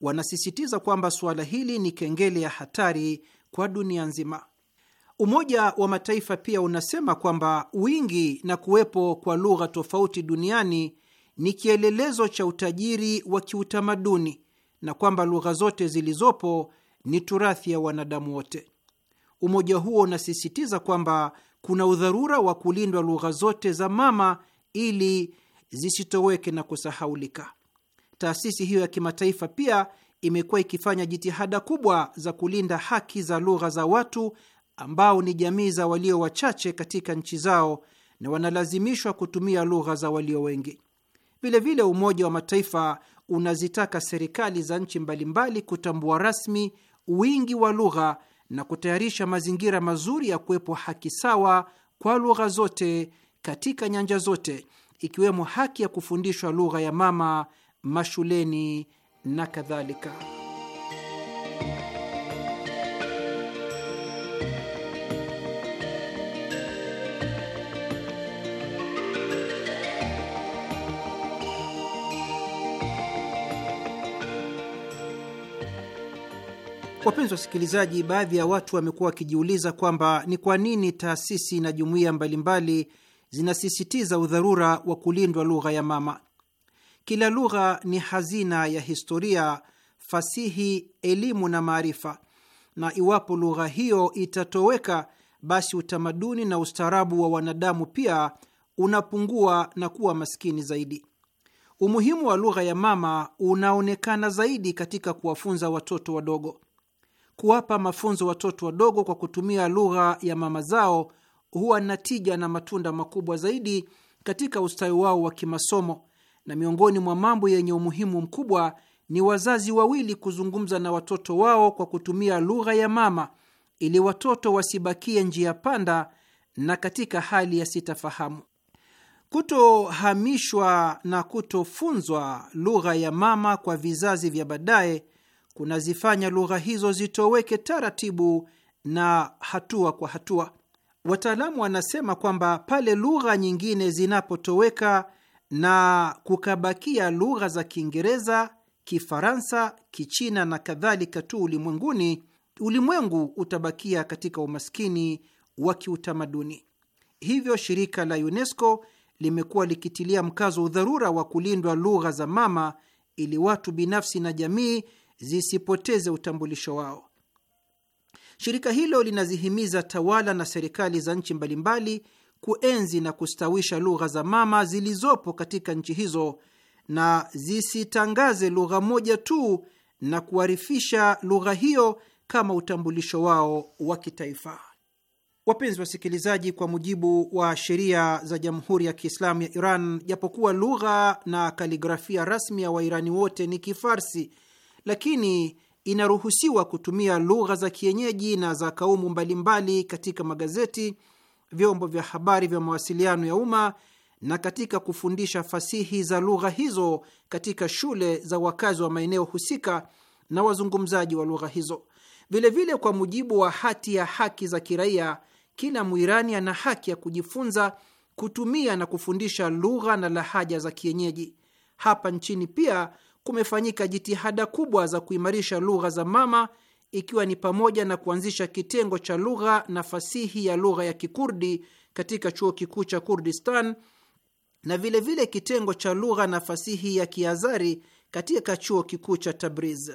Wanasisitiza kwamba suala hili ni kengele ya hatari kwa dunia nzima. Umoja wa Mataifa pia unasema kwamba wingi na kuwepo kwa lugha tofauti duniani ni kielelezo cha utajiri wa kiutamaduni na kwamba lugha zote zilizopo ni turathi ya wanadamu wote. Umoja huo unasisitiza kwamba kuna udharura wa kulindwa lugha zote za mama ili zisitoweke na kusahaulika. Taasisi hiyo ya kimataifa pia imekuwa ikifanya jitihada kubwa za kulinda haki za lugha za watu ambao ni jamii za walio wachache katika nchi zao na wanalazimishwa kutumia lugha za walio wengi. Vilevile, Umoja wa Mataifa unazitaka serikali za nchi mbalimbali kutambua rasmi wingi wa lugha na kutayarisha mazingira mazuri ya kuwepo haki sawa kwa lugha zote katika nyanja zote, ikiwemo haki ya kufundishwa lugha ya mama mashuleni na kadhalika. Wapenzi wasikilizaji, baadhi ya watu wamekuwa wakijiuliza kwamba ni kwa nini taasisi na jumuiya mbalimbali zinasisitiza udharura wa kulindwa lugha ya mama. Kila lugha ni hazina ya historia, fasihi, elimu na maarifa, na iwapo lugha hiyo itatoweka, basi utamaduni na ustaarabu wa wanadamu pia unapungua na kuwa maskini zaidi. Umuhimu wa lugha ya mama unaonekana zaidi katika kuwafunza watoto wadogo kuwapa mafunzo watoto wadogo kwa kutumia lugha ya mama zao huwa na tija na matunda makubwa zaidi katika ustawi wao wa kimasomo. Na miongoni mwa mambo yenye umuhimu mkubwa ni wazazi wawili kuzungumza na watoto wao kwa kutumia lugha ya mama, ili watoto wasibakie njia panda na katika hali ya sitafahamu. Kutohamishwa na kutofunzwa lugha ya mama kwa vizazi vya baadaye kunazifanya lugha hizo zitoweke taratibu na hatua kwa hatua. Wataalamu wanasema kwamba pale lugha nyingine zinapotoweka na kukabakia lugha za Kiingereza, Kifaransa, Kichina na kadhalika tu ulimwenguni, ulimwengu utabakia katika umaskini wa kiutamaduni. Hivyo shirika la UNESCO limekuwa likitilia mkazo udharura wa kulindwa lugha za mama ili watu binafsi na jamii zisipoteze utambulisho wao. Shirika hilo linazihimiza tawala na serikali za nchi mbalimbali kuenzi na kustawisha lugha za mama zilizopo katika nchi hizo na zisitangaze lugha moja tu na kuwarifisha lugha hiyo kama utambulisho wao wa kitaifa. Wapenzi wasikilizaji, kwa mujibu wa sheria za Jamhuri ya Kiislamu ya Iran, japokuwa lugha na kaligrafia rasmi ya Wairani wote ni Kifarsi lakini inaruhusiwa kutumia lugha za kienyeji na za kaumu mbalimbali katika magazeti, vyombo vya habari vya mawasiliano ya umma na katika kufundisha fasihi za lugha hizo katika shule za wakazi wa maeneo husika na wazungumzaji wa lugha hizo. Vilevile vile, kwa mujibu wa hati ya haki za kiraia, kila Mwirani ana haki ya kujifunza, kutumia na kufundisha lugha na lahaja za kienyeji. Hapa nchini pia kumefanyika jitihada kubwa za kuimarisha lugha za mama ikiwa ni pamoja na kuanzisha kitengo cha lugha na fasihi ya lugha ya Kikurdi katika chuo kikuu cha Kurdistan na vilevile vile kitengo cha lugha na fasihi ya Kiazari katika chuo kikuu cha Tabriz.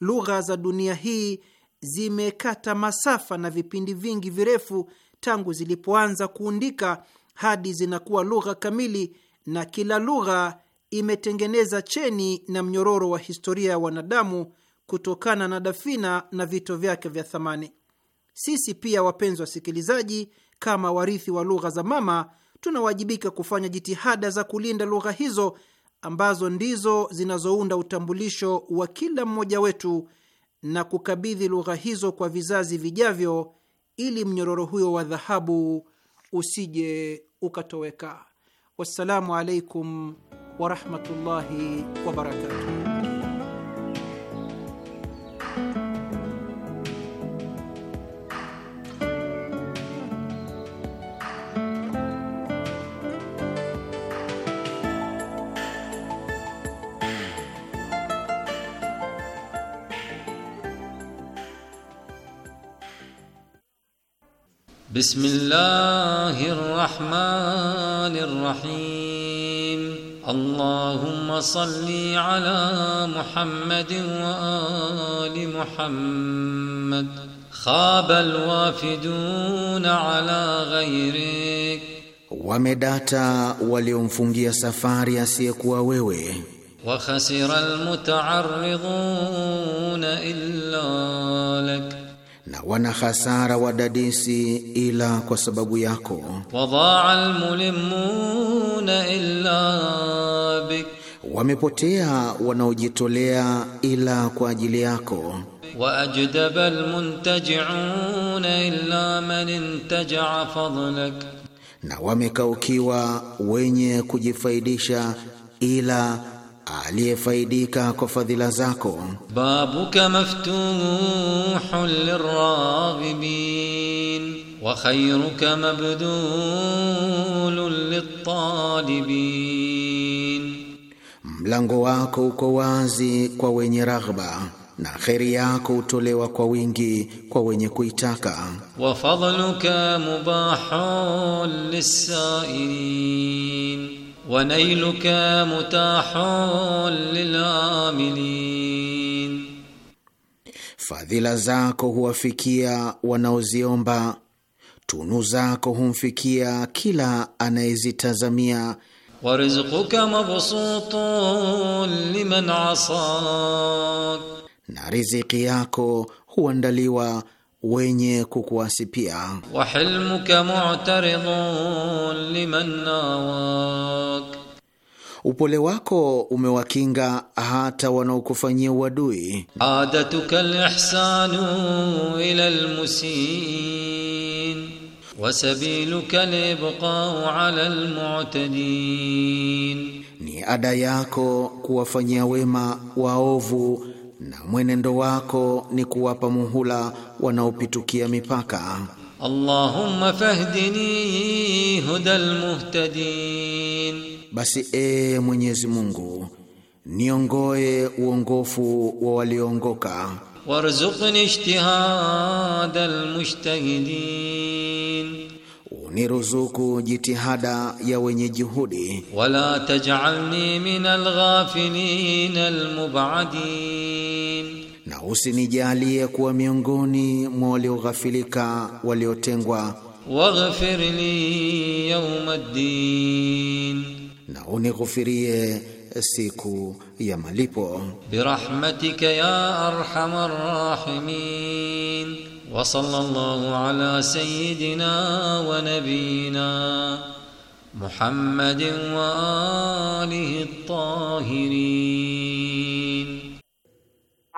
Lugha za dunia hii zimekata masafa na vipindi vingi virefu tangu zilipoanza kuundika hadi zinakuwa lugha kamili na kila lugha imetengeneza cheni na mnyororo wa historia ya wanadamu kutokana na dafina na vito vyake vya thamani. Sisi pia, wapenzi wasikilizaji, kama warithi wa lugha za mama, tunawajibika kufanya jitihada za kulinda lugha hizo ambazo ndizo zinazounda utambulisho wa kila mmoja wetu na kukabidhi lugha hizo kwa vizazi vijavyo ili mnyororo huyo wa dhahabu usije ukatoweka. Wassalamu alaikum ورحمه الله وبركاته بسم الله الرحمن الرحيم اللهم صل على محمد وآل محمد خاب الوافدون على غيرك واليوم فنجي safari asiyekuwa wewe وخسر المتعرضون إلا لك na wana hasara wadadisi ila kwa sababu yako. Wadaa almulimuna illa bik, Wamepotea wanaojitolea ila kwa ajili yako. Wa ajdaba almuntaji'una illa man intaja'a fadlak, na wamekaukiwa wenye kujifaidisha ila aliyefaidika kwa fadhila zako. babuka maftuhun liraghibin wa khayruka mabdulun litalibin, mlango wako uko wazi kwa wenye raghba na kheri yako hutolewa kwa wingi kwa wenye kuitaka. wa fadhluka mubahun lisailin ونيلك متاح للعاملين fadhila zako huwafikia wanaoziomba, tunu zako humfikia kila anayezitazamia. warizquka mabsutun liman asak, na riziki yako huandaliwa wenye kukuasipia. wahilmuka mu'taridun liman awa Upole wako umewakinga hata wanaokufanyia uadui. adatuka lihsanu ila lmusin wasabiluka libqau ala lmutadin, ni ada yako kuwafanyia wema waovu na mwenendo wako ni kuwapa muhula wanaopitukia mipaka. Allahumma fahdini hudal muhtadin, basi e Mwenyezi Mungu niongoe uongofu wa walioongoka. Warzuqni ijtihada almujtahidin, uniruzuku jitihada ya wenye juhudi. Wala taj'alni min alghafilin almub'adin na usinijalie kuwa miongoni mwa walioghafilika waliotengwa. Waghfir li yawm ad-din, na unighufirie siku ya malipo. Birahmatika ya arhamar rahimin. Wa sallallahu ala sayyidina wa nabiyina Muhammadin wa alihi at-tahirin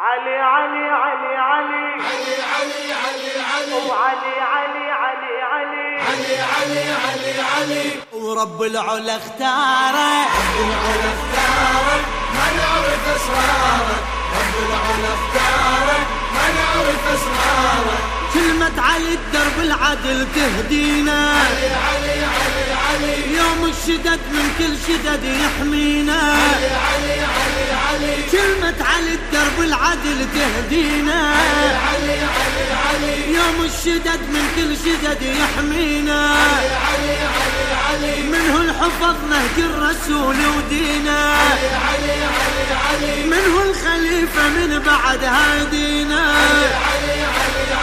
علي علي علي علي علي علي علي وعلي علي علي علي علي علي علي علي ورب العلا اختاره رب العلا اختاره ما نعرف اسراره رب العلا اختاره ما نعرف اسراره كلمة علي الدرب العدل تهدينا علي علي علي علي يوم الشدد من كل شدد يحمينا علي علي علي علي كلمة علي الدرب العدل تهدينا علي علي علي علي يوم الشدد من كل شدد يحمينا علي علي علي علي منه الحفظ نهج الرسول ودينا علي علي علي علي منه الخليفة من بعد هادينا علي علي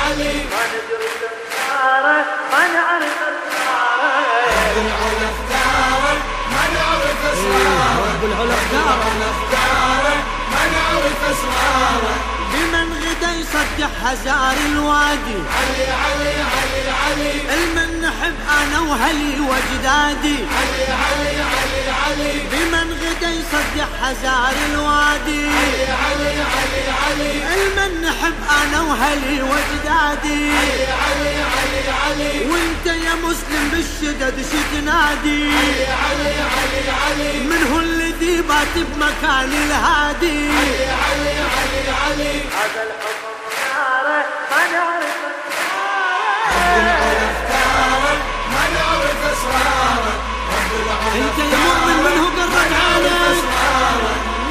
علي ما ندري اختاره ما نعرف اسراره اختاره ما نعرف اسراره ما نعرف اسراره يفتح هزار الوادي علي علي علي علي المن نحب انا وهلي وجدادي علي علي علي علي بمن غدا يصدح حزار الوادي علي علي علي علي المن نحب انا وهلي واجدادي علي علي علي علي وانت يا مسلم بالشدد شتنادي علي علي علي علي من هو اللي ديبات بمكان الهادي علي علي علي علي هذا الحكم انت المؤمن من هو قرب عليك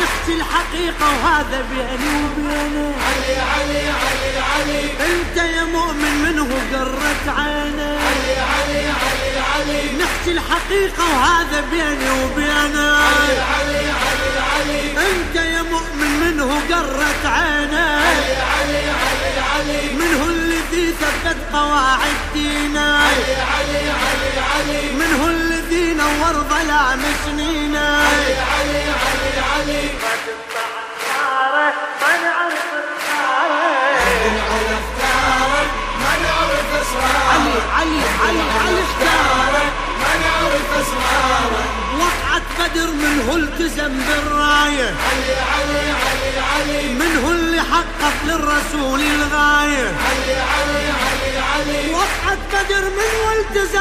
نحكي الحقيقة وهذا بيني وبينك علي علي علي علي انت يا مؤمن من هو قرت عينك علي علي علي علي احكي الحقيقة وهذا بيني وبينك علي علي علي علي انت يا مؤمن منه قرت عيني علي علي علي علي منه الذي ثبت قواعد دينك علي علي علي علي منه الذي نور ظلام سنينك علي علي علي علي ما تنفع اختاره ما نعرف اختاره ما نعرف علي علي علي علي اختاره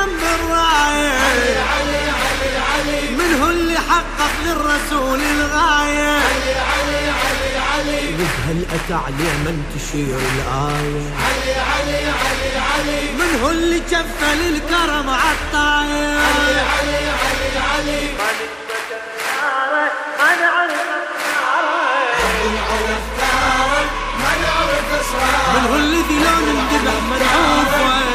جنب الراية علي علي علي علي من هو اللي حقق للرسول الغاية علي علي علي علي هل أتى عليه من تشير الآية علي علي علي علي من هو اللي كفل الكرم عطاية علي علي علي علي ما نعرف من هو الذي لو ننذبح مدعوفه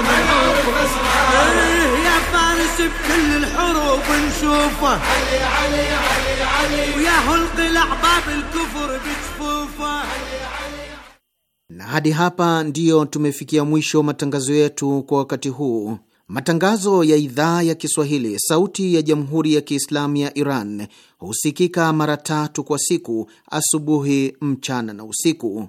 الاسم كل الحروب نشوفه علي علي علي علي ويا هالقلع باب الكفر بجفوفه na hadi hapa ndiyo tumefikia mwisho matangazo yetu kwa wakati huu. Matangazo ya idhaa ya Kiswahili sauti ya jamhuri ya Kiislamu ya Iran husikika mara tatu kwa siku: asubuhi, mchana na usiku.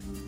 Thank you.